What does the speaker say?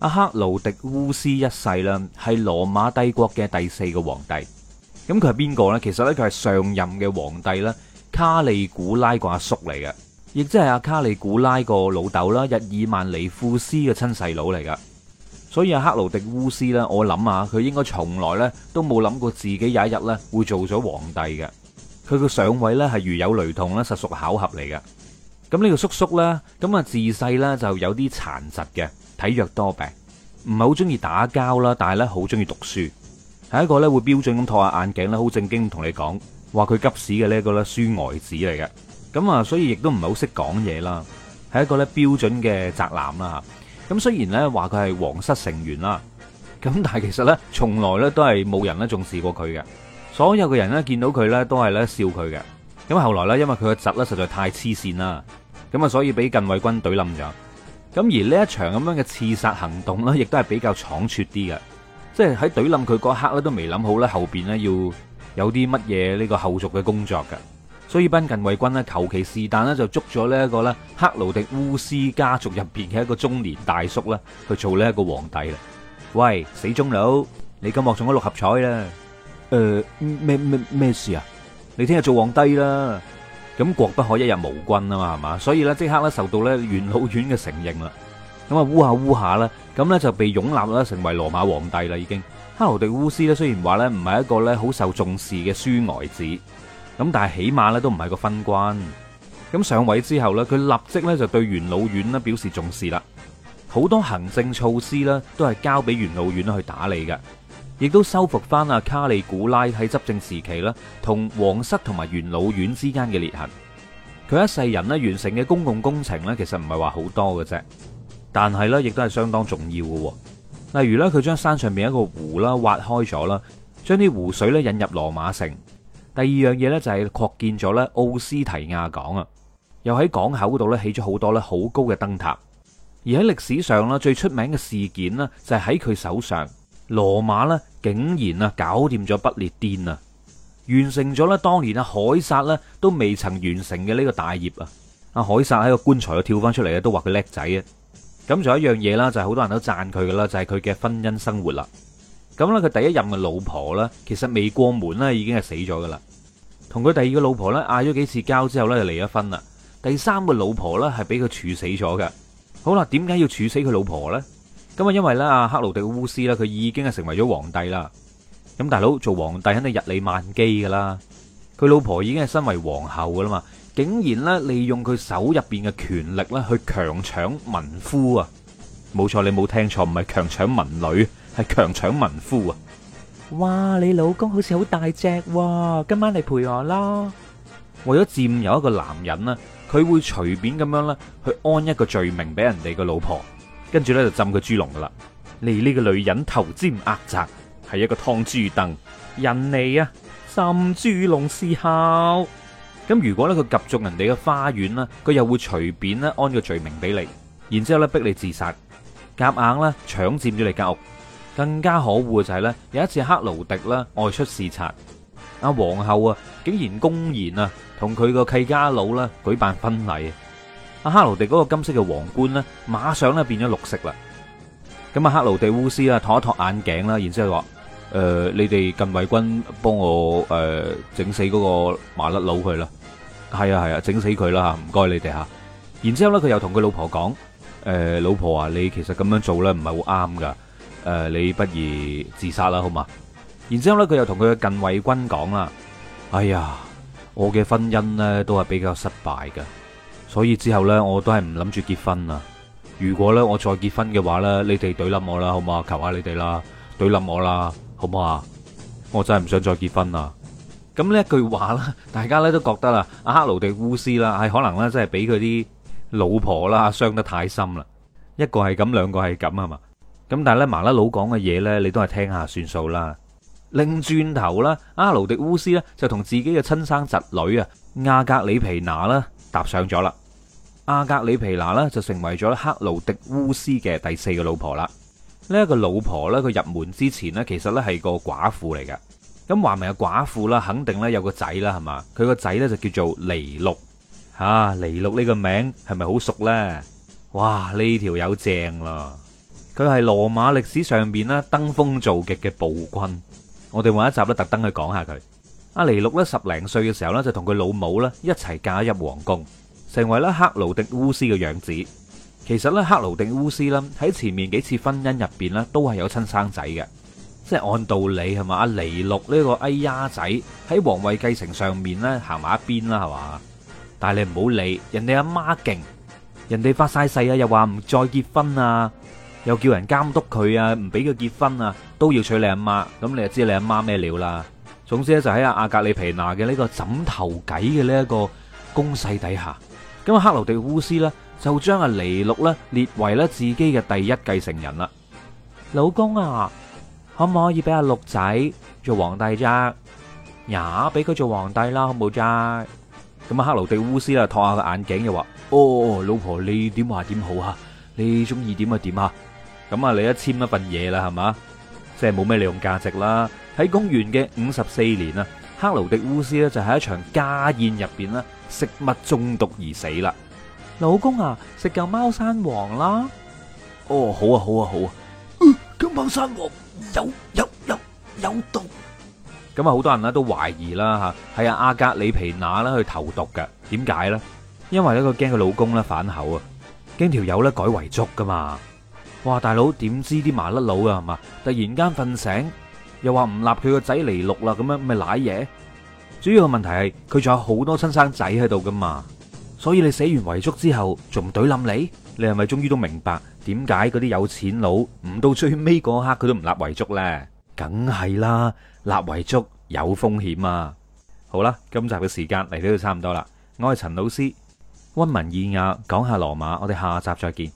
阿克勞狄烏斯一世啦，係羅馬帝國嘅第四個皇帝。咁佢係邊個呢？其實咧佢係上任嘅皇帝啦，卡利古拉個阿叔嚟嘅，亦即係阿卡利古拉個老豆啦，日耳曼尼庫斯嘅親細佬嚟噶。所以阿克勞狄烏斯呢，我諗啊，佢應該從來咧都冇諗過自己有一日咧會做咗皇帝嘅。佢個上位咧係如有雷同咧，實屬巧合嚟嘅。咁呢個叔叔呢，咁啊自細呢就有啲殘疾嘅，體弱多病，唔係好中意打交啦，但係呢好中意讀書，係一個呢會標準咁托下眼鏡咧，好正經同你講，話佢急屎嘅呢個呢書呆子嚟嘅，咁啊所以亦都唔係好識講嘢啦，係一個呢標準嘅宅男啦，咁雖然呢話佢係皇室成員啦，咁但係其實呢，從來呢都係冇人呢重視過佢嘅，所有嘅人呢，見到佢呢都係呢笑佢嘅，咁後來呢，因為佢嘅侄呢，實在太黐線啦。咁啊，所以俾近衛軍懟冧咗。咁而呢一場咁樣嘅刺殺行動咧，亦都係比較倉促啲嘅，即係喺懟冧佢嗰刻咧，都未諗好咧後邊咧要有啲乜嘢呢個後續嘅工作嘅。所以班近衛軍呢，求其是但呢，就捉咗呢一個咧克勞狄烏斯家族入邊嘅一個中年大叔啦，去做呢一個皇帝啦。喂，死鐘佬，你今日中咗六合彩啦？誒、呃，咩咩咩事啊？你聽日做皇帝啦！咁國不可一日無君啊嘛，係嘛？所以咧，即刻咧受到咧元老院嘅承認啦，咁啊烏下烏下啦，咁咧就被擁立啦，成為羅馬皇帝啦已經。克勞狄烏斯咧雖然話咧唔係一個咧好受重視嘅書呆子，咁但係起碼咧都唔係個昏君。咁上位之後呢，佢立即咧就對元老院咧表示重視啦，好多行政措施呢，都係交俾元老院去打理嘅。亦都修復翻阿卡利古拉喺執政時期啦，同皇室同埋元老院之間嘅裂痕。佢一世人完成嘅公共工程呢，其實唔係話好多嘅啫，但係呢亦都係相當重要嘅。例如呢，佢將山上邊一個湖啦挖開咗啦，將啲湖水咧引入羅馬城。第二樣嘢呢，就係擴建咗咧奧斯提亞港啊，又喺港口度咧起咗好多咧好高嘅燈塔。而喺歷史上呢最出名嘅事件呢，就係喺佢手上。羅馬咧竟然啊搞掂咗不列顛啊，完成咗咧當年阿凱撒咧都未曾完成嘅呢個大業啊！阿凱撒喺個棺材度跳翻出嚟咧，都話佢叻仔啊！咁仲有一樣嘢啦，就係好多人都讚佢噶啦，就係佢嘅婚姻生活啦。咁咧佢第一任嘅老婆咧，其實未過門咧已經係死咗噶啦。同佢第二個老婆咧嗌咗幾次交之後咧就離咗婚啦。第三個老婆咧係俾佢處死咗噶。好啦，點解要處死佢老婆呢？咁啊，因為咧，阿克勞狄烏斯咧，佢已經係成為咗皇帝啦。咁大佬做皇帝肯定日理萬機噶啦。佢老婆已經係身為皇后噶啦嘛，竟然咧利用佢手入邊嘅權力咧去強搶民夫啊！冇錯，你冇聽錯，唔係強搶民女，係強搶民夫啊！哇，你老公好似好大隻喎！今晚嚟陪我啦！為咗佔有一個男人咧，佢會隨便咁樣咧去安一個罪名俾人哋個老婆。跟住呢，就浸佢豬籠噶啦，嚟呢個女人頭尖壓窄，係一個湯豬凳，人嚟啊！浸豬籠思孝。咁如果呢，佢及中人哋嘅花園啦，佢又會隨便呢，安個罪名俾你，然之後呢逼，你自殺，夾硬呢，搶佔咗你間屋。更加可惡就係呢，有一次克勞迪啦外出視察，阿皇后啊竟然公然啊同佢個契家佬啦舉辦婚禮。阿克勞狄嗰個金色嘅皇冠咧，馬上咧變咗綠色啦。咁啊，克勞狄烏斯啦，托一托眼鏡啦，然之後話：誒、呃，你哋近衛軍幫我誒整，呃、死嗰個麻甩佬佢啦。係啊係啊，整，啊、死佢啦吓，唔該你哋吓。然之後咧，佢又同佢老婆講：誒、呃，老婆啊，你其實咁樣做咧，唔係好啱噶。誒，你不如自殺啦，好嘛？然之後咧，佢又同佢嘅近衛軍講啦：哎呀，我嘅婚姻咧都係比較失敗噶。所以之後呢，我都係唔諗住結婚啊！如果呢，我再結婚嘅話呢，你哋懟冧我啦，好嘛？求下你哋啦，懟冧我啦，好嘛？我真係唔想再結婚啦！咁呢一句話啦，大家呢都覺得啦，阿克勞狄烏斯啦，係可能呢，真係俾佢啲老婆啦傷得太深啦，一個係咁，兩個係咁啊嘛！咁但係呢，麻甩佬講嘅嘢呢，你都係聽下算數啦。擰轉頭啦，阿克勞狄烏斯呢，就同自己嘅親生侄女啊亞格里皮娜啦搭上咗啦。阿格里皮娜咧，就成為咗克勞狄烏斯嘅第四個老婆啦。呢一個老婆呢，佢入門之前呢，其實咧，係個寡婦嚟嘅。咁話明個寡婦啦，肯定呢有個仔啦，係嘛？佢個仔呢，就叫做尼祿，啊。吓，尼祿呢個名係咪好熟呢？哇，呢條友正啦！佢係羅馬歷史上邊咧，登峰造極嘅暴君。我哋下一集咧特登去講下佢。阿尼祿呢，十零歲嘅時候呢，就同佢老母呢，一齊嫁入皇宮。成為啦克勞狄烏斯嘅樣子，其實咧克勞狄烏斯啦喺前面幾次婚姻入邊咧都係有親生仔嘅。即係按道理係嘛，阿尼祿呢個哎呀仔喺皇位繼承上面咧行埋一邊啦係嘛？但係你唔好理人哋阿媽勁，人哋發晒誓啊，又話唔再結婚啊，又叫人監督佢啊，唔俾佢結婚啊，都要娶你阿媽咁，你就知你阿媽咩料啦。總之咧就喺阿阿格里皮娜嘅呢個枕頭計嘅呢一個攻勢底下。咁克勞狄烏斯咧就將阿尼禄咧列為咧自己嘅第一繼承人啦。老公啊，可唔可以俾阿禄仔做皇帝啫？嗱，俾佢做皇帝啦，好唔好啫？咁啊，克勞狄烏斯呀，托下個眼鏡又話：哦，老婆你點話點好啊？你中意點就點啊！咁啊，你一簽一份嘢啦，係嘛？即係冇咩利用價值啦。喺公元嘅五十四年啊。克勞迪烏斯咧就喺一場家宴入邊咧食物中毒而死啦。老公啊，食夠貓山王啦？哦，好啊，好啊，好啊！咁、呃、貓山王有有有有毒？咁啊，好多人呢都懷疑啦吓，係阿格里皮娜咧去投毒噶？點解咧？因為咧佢驚佢老公咧反口啊，驚條友咧改遺囑噶嘛？哇，大佬點知啲麻甩佬啊係嘛？突然間瞓醒。又話唔立佢個仔嚟錄啦，咁樣咪賴嘢？主要嘅問題係佢仲有好多親生仔喺度噶嘛，所以你寫完遺囑之後仲懟冧你，你係咪終於都明白點解嗰啲有錢佬唔到最尾嗰刻佢都唔立遺囑呢？梗係啦，立遺囑有風險啊！好啦，今集嘅時間嚟到差唔多啦，我係陳老師，溫文爾雅講下羅馬，我哋下集再見。